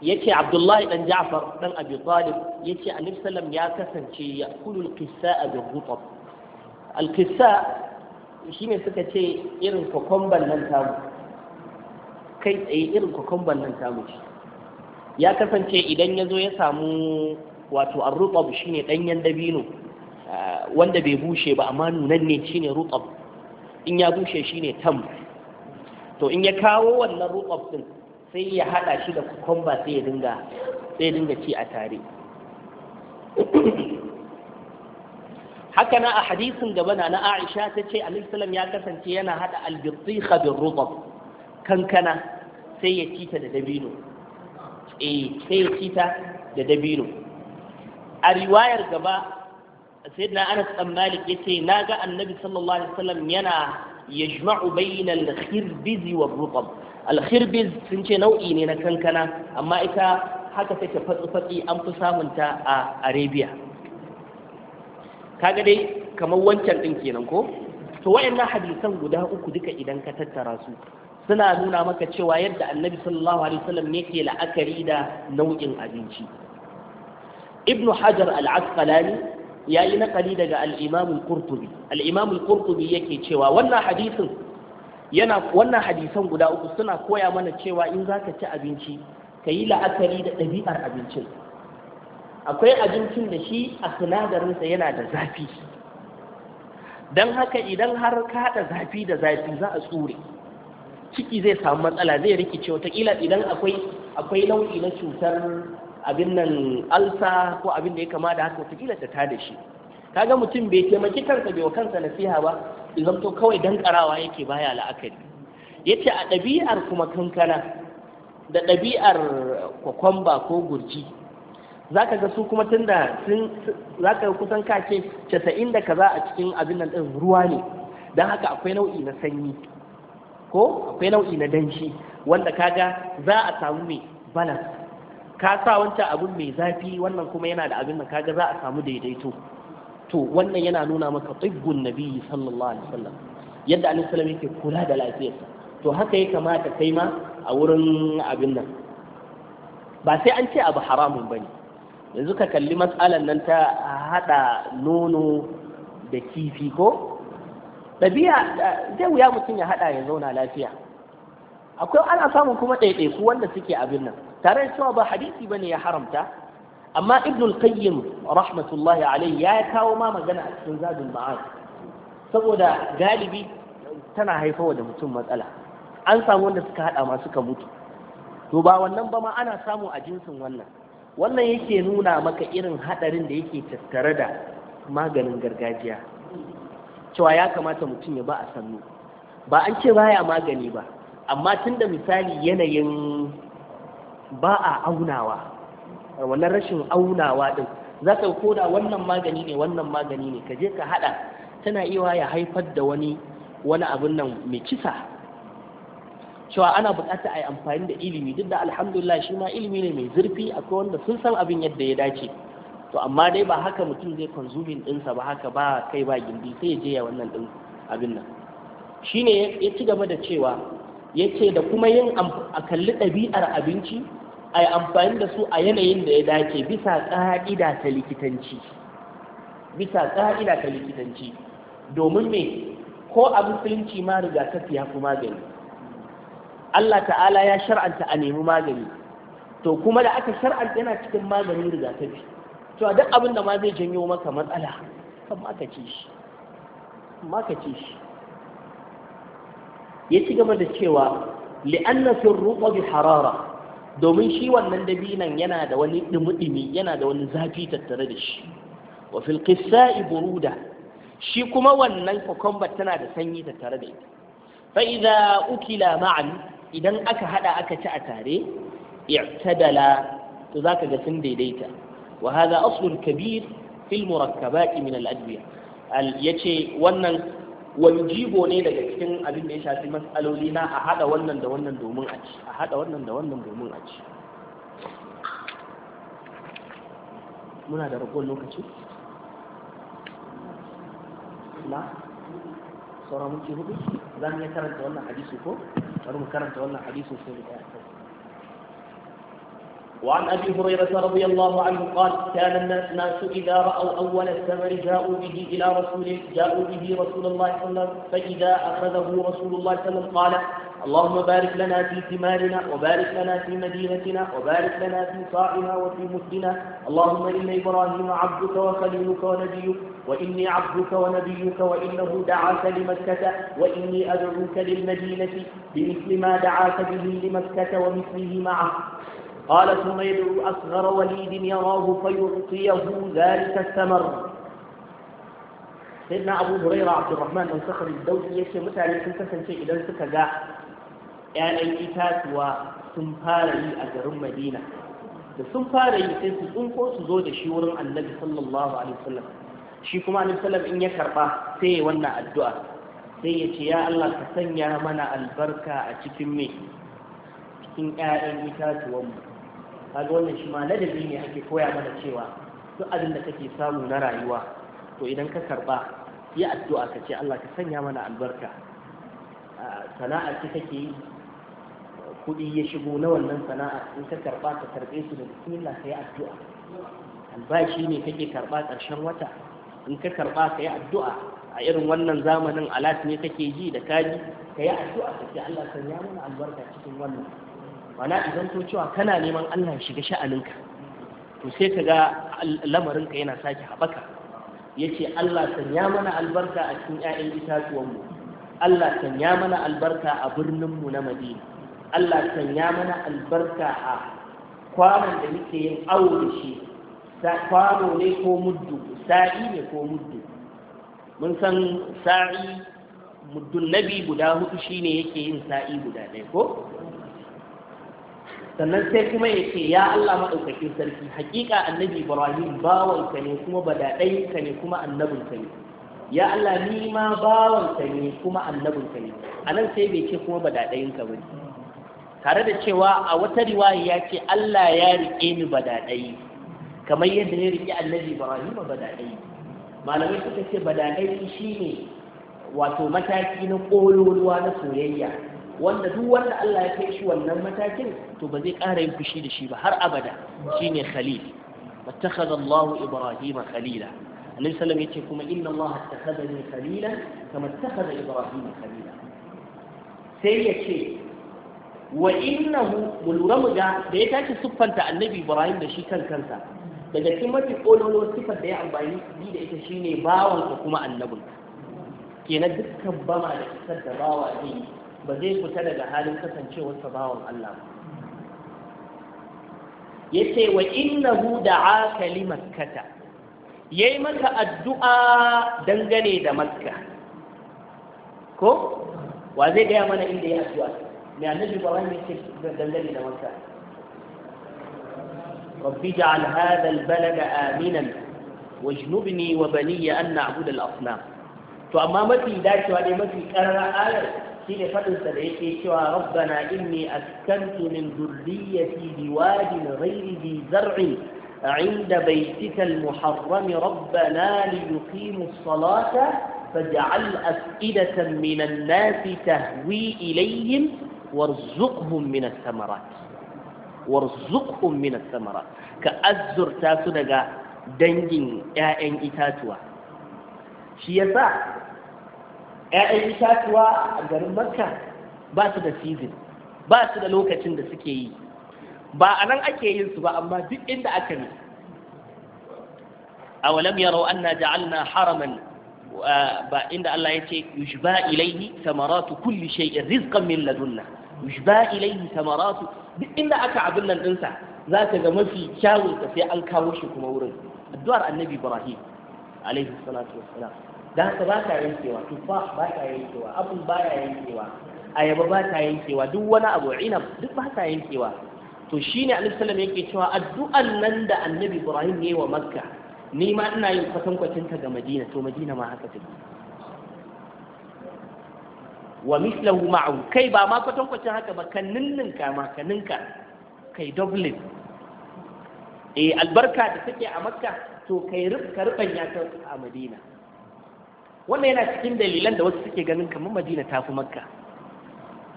A: yace Abdullahi dan Ja'far dan Abi Talib yace Annabi sallam ya kasance ya kulul qissa bi ghutab al qissa shine suka ce irin kokomban nan tamu kai tsaye irin kokomban nan tamu ce ya kasance idan ya zo ya samu wato an rutab shine danyen dabino eh, wanda bai bushe ba amma nunan ne shine rutab in ya bushe shine tam to in ya kawo wannan rutab din sai ya haɗa shi da kukumba sai ya dinga sai dinga ci a tare haka na a hadisin gaba na na Aisha ta ce Alaihi ya kasance yana haɗa albirtiha bin rubab kankana sai ya ci ta da dabino eh sai ya ci ta da dabino a riwayar gaba sayyidina Anas dan Malik yace ga annabi sallallahu alaihi wasallam yana yajma'u bainal khirbiz wa rubab alkhirbiz sun ce nau'i ne na kankana amma ita haka take fatsi-fatsi an fi samunta a arabia kaga dai kamar wancan ɗin kenan ko to wayanna hadisan guda uku duka idan ka tattara su suna nuna maka cewa yadda annabi sallallahu alaihi wasallam yake la'akari da nau'in abinci ibnu hajar al-asqalani yayi naqali daga al-imam al-qurtubi al-imam al-qurtubi yake cewa wannan hadisin yana wannan hadisan guda uku suna koya mana cewa in za ka ci abinci ka yi la'akari da ɗabi'ar abincin akwai abincin da shi a sinadarinsa yana da zafi don haka idan har ka haɗa zafi da zafi za a tsure ciki zai samu matsala zai rikice watakila idan akwai akwai nau'i na cutar abin nan alsa ko abin da ya kama da haka watakila ta tada shi ga mutum bai taimaki kansa bai wa kansa nasiha ba zamto kawai karawa yake baya la'akari yace a ɗabi'ar kuma kankana da ɗabi'ar kwakwamba ko gurji za ka ga su kuma tun da sun za ka kusan kace casa'in da kaza a cikin abin nan ɗin ruwa ne don haka akwai nau'i na sanyi ko akwai nau'i na danshi wanda kaga za a samu mai balance ka sa wancan abin mai zafi wannan kuma yana da abin da kaga za a samu daidaito to wannan yana nuna maka tsibbun nabi sallallahu alaihi wasallam yadda annabi yake kula da lafiyar. to haka ya kamata kai ma a wurin abin nan ba sai an ce abu haramun bane yanzu ka kalli matsalar nan ta haɗa nono da kifi ko ɗabi'a zai wuya mutum ya haɗa ya zauna lafiya akwai ana samun kuma ɗaiɗaiku wanda suke abin nan tare da cewa ba hadisi ne ya haramta amma ibn al-qayyim rahmatullahi alayhi ya kawo ma magana a cikin zadul ma'ad saboda galibi tana haifawa da mutum matsala an samu wanda suka hada ma suka mutu to ba wannan ba ma ana samu a jinsin wannan wannan yake nuna maka irin hadarin da yake tattare da maganin gargajiya cewa ya kamata mutum ya ba a sannu ba an ce baya magani ba amma tunda misali yanayin ba a aunawa wannan rashin aunawa din za ka koda wannan magani ne wannan magani ne ka je ka haɗa tana iya ya haifar da wani wani abin nan mai kisa cewa ana bukata a yi amfani da ilimi duk da alhamdulillah shi ma ilimi ne mai zurfi akwai wanda sun san abin yadda ya dace to amma dai ba haka mutum zai konsumin ɗinsa ba haka ba kai ba gindi sai ya je ya wannan ɗin abin nan shine ya ci gaba da cewa ya ce da kuma yin a kalli ɗabi'ar abinci a amfani da su a yanayin da ya dace bisa ƙa'ida ta likitanci bisa ƙa'ida ta likitanci domin me ko a musulunci ma rigakafi ya fi magani Allah ta'ala ya shar'anta a nemi magani to kuma da aka shar'anta yana cikin maganin rigakafi to a duk abin da ma zai janyo maka matsala kan maka ce shi maka ce shi ya ci gaba da cewa li'anna fi bi harara domin shi wannan dabinan yana da wani dumi-dumi yana da wani zafi tattare da shi wa filkissa iburuda buruda shi kuma wannan cucumber tana da sanyi tattare da ita Fa'iza ukila ma'an idan aka hada aka ci a tare i'tadala to zaka ga sun daidaita wa hadha aslun kabir fil murakkabati min al adwiya al yace wannan wani ne daga cikin abin da ya shafi matsaloli na a hada wannan da wannan domin a ci a hada wannan da wannan domin a ci muna da rukun lokaci na sauran muke hudu za mu iya karanta wannan hadisu ko bari mu karanta wannan hadisu sai ya وعن أبي هريرة رضي الله عنه قال كان الناس إذا رأوا أول الثمر جاءوا به إلى رسول جاءوا به رسول الله صلى الله عليه وسلم فإذا أخذه رسول الله صلى الله عليه وسلم قال اللهم بارك لنا في ثمارنا وبارك لنا في مدينتنا وبارك لنا في صاعنا وفي مسلنا اللهم إن إبراهيم عبدك وخليلك ونبيك وإني عبدك ونبيك وإنه دعاك لمكة وإني أدعوك للمدينة بمثل ما دعاك به لمكة ومثله معه قال ثم يدعو أصغر وليد يراه فيعطيه ذلك الثمر سيدنا أبو هريرة عبد الرحمن بن صخر الدوسي يشي متعني sun kasance idan suka ga ‘ya'yan itatuwa sun fara yi a garin Madina da sun fara yi sai su tsunko su zo da shi wurin annabi sallallahu alaihi wasallam shi kuma annabi sallam in ya karba sai ya wannan addu'a sai ya ce ya Allah ka sanya mana albarka a cikin me cikin ‘ya'yan itatuwanmu kaga wannan shi ma ladabi ne ake koya mana cewa duk abin da kake samu na rayuwa to idan ka karba yi addu'a ka ce Allah ka sanya mana albarka sana'a ce kake yi kuɗi ya shigo na wannan sana'a in ka karba ka karbe su da bismillah ka yi addu'a albashi ne kake karba ƙarshen wata in ka karba ka yi addu'a a irin wannan zamanin alat ne kake ji da kaji ka yi addu'a ka ce Allah sanya mana albarka cikin wannan Wana idan to cewa kana neman Allah ya shiga sha'aninka to sai ka ga lamarinka yana sake haɓaka ya ce Allah sanya mana albarka a cikin 'ya'yan itatuwanmu Allah sanya mana albarka a birninmu na Madina Allah sanya mana albarka a kwanon da muke yin awo da shi kwano ne ko muddu sa'i ne ko muddu mun san sa'i muddun nabi guda hudu shine yake yin sa'i guda ɗaya ko sannan sai kuma ya ce ya Allah maɗaukakin sarki hakika annabi Ibrahim bawanka ne kuma badaɗainka ne kuma annabinka ne ya Allah ni ma bawanka ne kuma annabinka ne a nan sai bai ce kuma badaɗainka ba tare da cewa a wata riwaya ya ce Allah ya riƙe ni badaɗai kamar yadda ya riƙe annabi Ibrahim badaɗai malamai suka ce badaɗai shine wato mataki na ƙololuwa na soyayya wanda duk wanda Allah ya kai shi wannan matakin to ba zai ƙara yin fushi da shi ba har abada shine khalil wattakhadha Allahu Ibrahim khalila annabi sallallahu yace kuma inna Allah attakhadhani khalila kama attakhadha Ibrahim khalila sai ya yace wa innahu muluramu ga da ya tashi siffanta annabi Ibrahim da shi kan kansa daga cikin mafi kololo siffar da ya amfani da ita shine bawanka kuma annabinka kenan dukkan bama da isar da bawa zai yi ba zai fita daga halin kasancewarsa bawan Allah ba ya ce wa innahu makata ya yi maka addu'a dangane da makka ko wa zai gaya mana inda ya addu'a me annabi ba wani ce dangane da makka rabbi ja'al hadha al-balada aminan wajnubni wa baniya an na'budu al-asnam to amma mafi dacewa ne mafi karara ayar shine fadin sa da yake cewa rabbana inni askantu min dhurriyyati biwadin ghairi dhi zar'in عند بيتك المحرم ربنا ليقيموا الصلاة فاجعل أفئدة من الناس تهوي إليهم وارزقهم من الثمرات warzuqhum min ath-thamarat ka azzurta su daga dangin ƴaƴan itatuwa shi 'ya'yan itatuwa a garin makka ba su da season ba su da lokacin da suke yi ba a nan ake yin su ba amma duk inda aka yi a walam yarau anna ja'alna haraman ba inda Allah ya ce yushba ilaihi samaratu kulli shay'in rizqan min ladunna yushba ilaihi samaratu duk inda aka abin nan dinsa za ka ga mafi kyawun sai an kawo shi kuma wurin addu'ar annabi Ibrahim alaihi salatu wassalam dan ka ba ta yankewa tufa ba ta yankewa abun ba ya yankewa ayaba ba ta yankewa duk wani abu inab duk ba ta yankewa to shine annabi sallam yake cewa addu'an nan da annabi ibrahim ne wa makka ni ma ina yin kwatankwacin ta ga madina to madina ma haka take wa mislahu ma'u kai ba ma kwatankwacin haka ba ka ninninka ma ka ninka kai dublin eh albarka da take a makka to kai ka rubanya ta a madina wannan yana cikin dalilan da wasu suke ganin kamar madina ta fi makka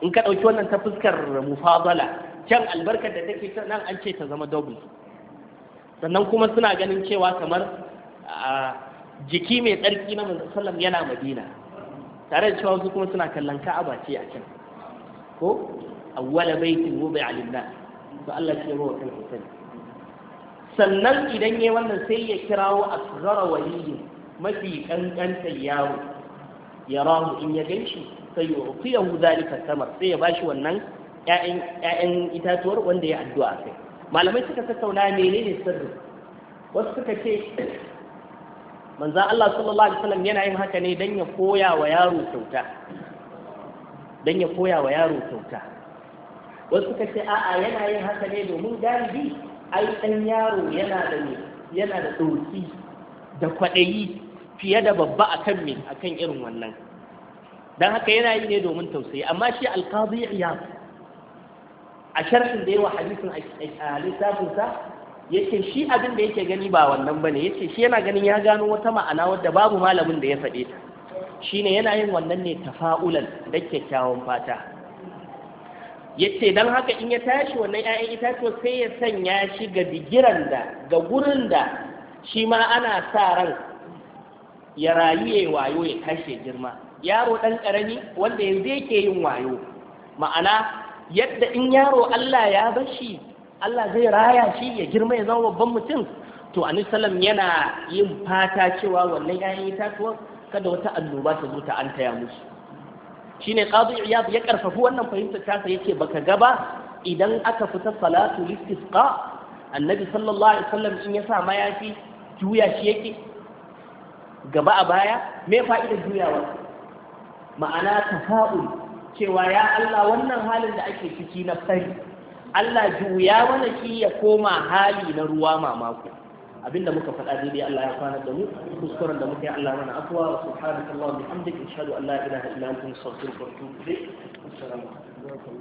A: in ka ɗauki wannan ta fuskar mufadala can albarkar da take nan an ce ta zama double sannan kuma suna ganin cewa kamar jiki mai tsarki na manzon sallam yana madina tare da cewa wasu kuma suna kallon ka'aba ce a can ko awwala baitin wubi'a lin-nas to Allah ya rawa kan sani sannan idan yayi wannan sai ya kirawo asghara waliyin mafi kankantar yaro ya rahu in ya gan shi sai ya uqiyahu zalika samar sai ya bashi wannan 'ya'yan itatuwar wanda ya addu'a kai malamai suka tattauna menene sirri wasu suka ce manzan Allah sallallahu alaihi wasallam yana yin haka ne don ya koya wa yaro kyauta don ya koya wa yaro kyauta wasu suka ce a'a yana yin haka ne domin galibi ai dan yaro yana da ne yana da dauki da kwaɗayi fiye da babba akan me akan irin wannan dan haka yana yi ne domin tausayi amma shi ya iya. a sharhin da yawa hadisun a littafin sa ce shi abin da yake gani ba wannan bane yace shi yana ganin ya gano wata ma'ana wadda babu malamin da ya faɗe ta ne yana yin wannan ne ta tafa'ulan da kyakkyawan fata yace dan haka in ya tashi wannan 'ya'yan itatuwa sai ya sanya shi ga bigiran da ga gurin da shi ma ana sa ran ya rayu ya wayo ya tashi girma yaro ɗan ƙarami wanda yanzu yake yin wayo ma'ana yadda in yaro Allah ya bashi Allah zai raya shi ya girma ya zama babban mutum to sallam yana yin fata cewa wannan ‘ya'yan tasowa, kada wata annoba ta zo ta an taya musu shine qadi iyad ya karfafi wannan fahimtar tasa yake baka ba, idan aka fita salatu istisqa annabi sallallahu alaihi wasallam in ya sa mayafi juya shi yake gaba a baya me fa'idar juyawa ma'ana ta tafa'ul cewa ya Allah wannan halin da ake ciki na fari Allah juya mana shi ya koma hali na ruwa mamako abinda muka faɗa dai Allah ya kwana da mu kuskuren da muka yi Allah mana afwa wa subhanallahi wa bihamdihi ashhadu an la ilaha illa anta astaghfiruka wa atubu ilayk assalamu
B: alaikum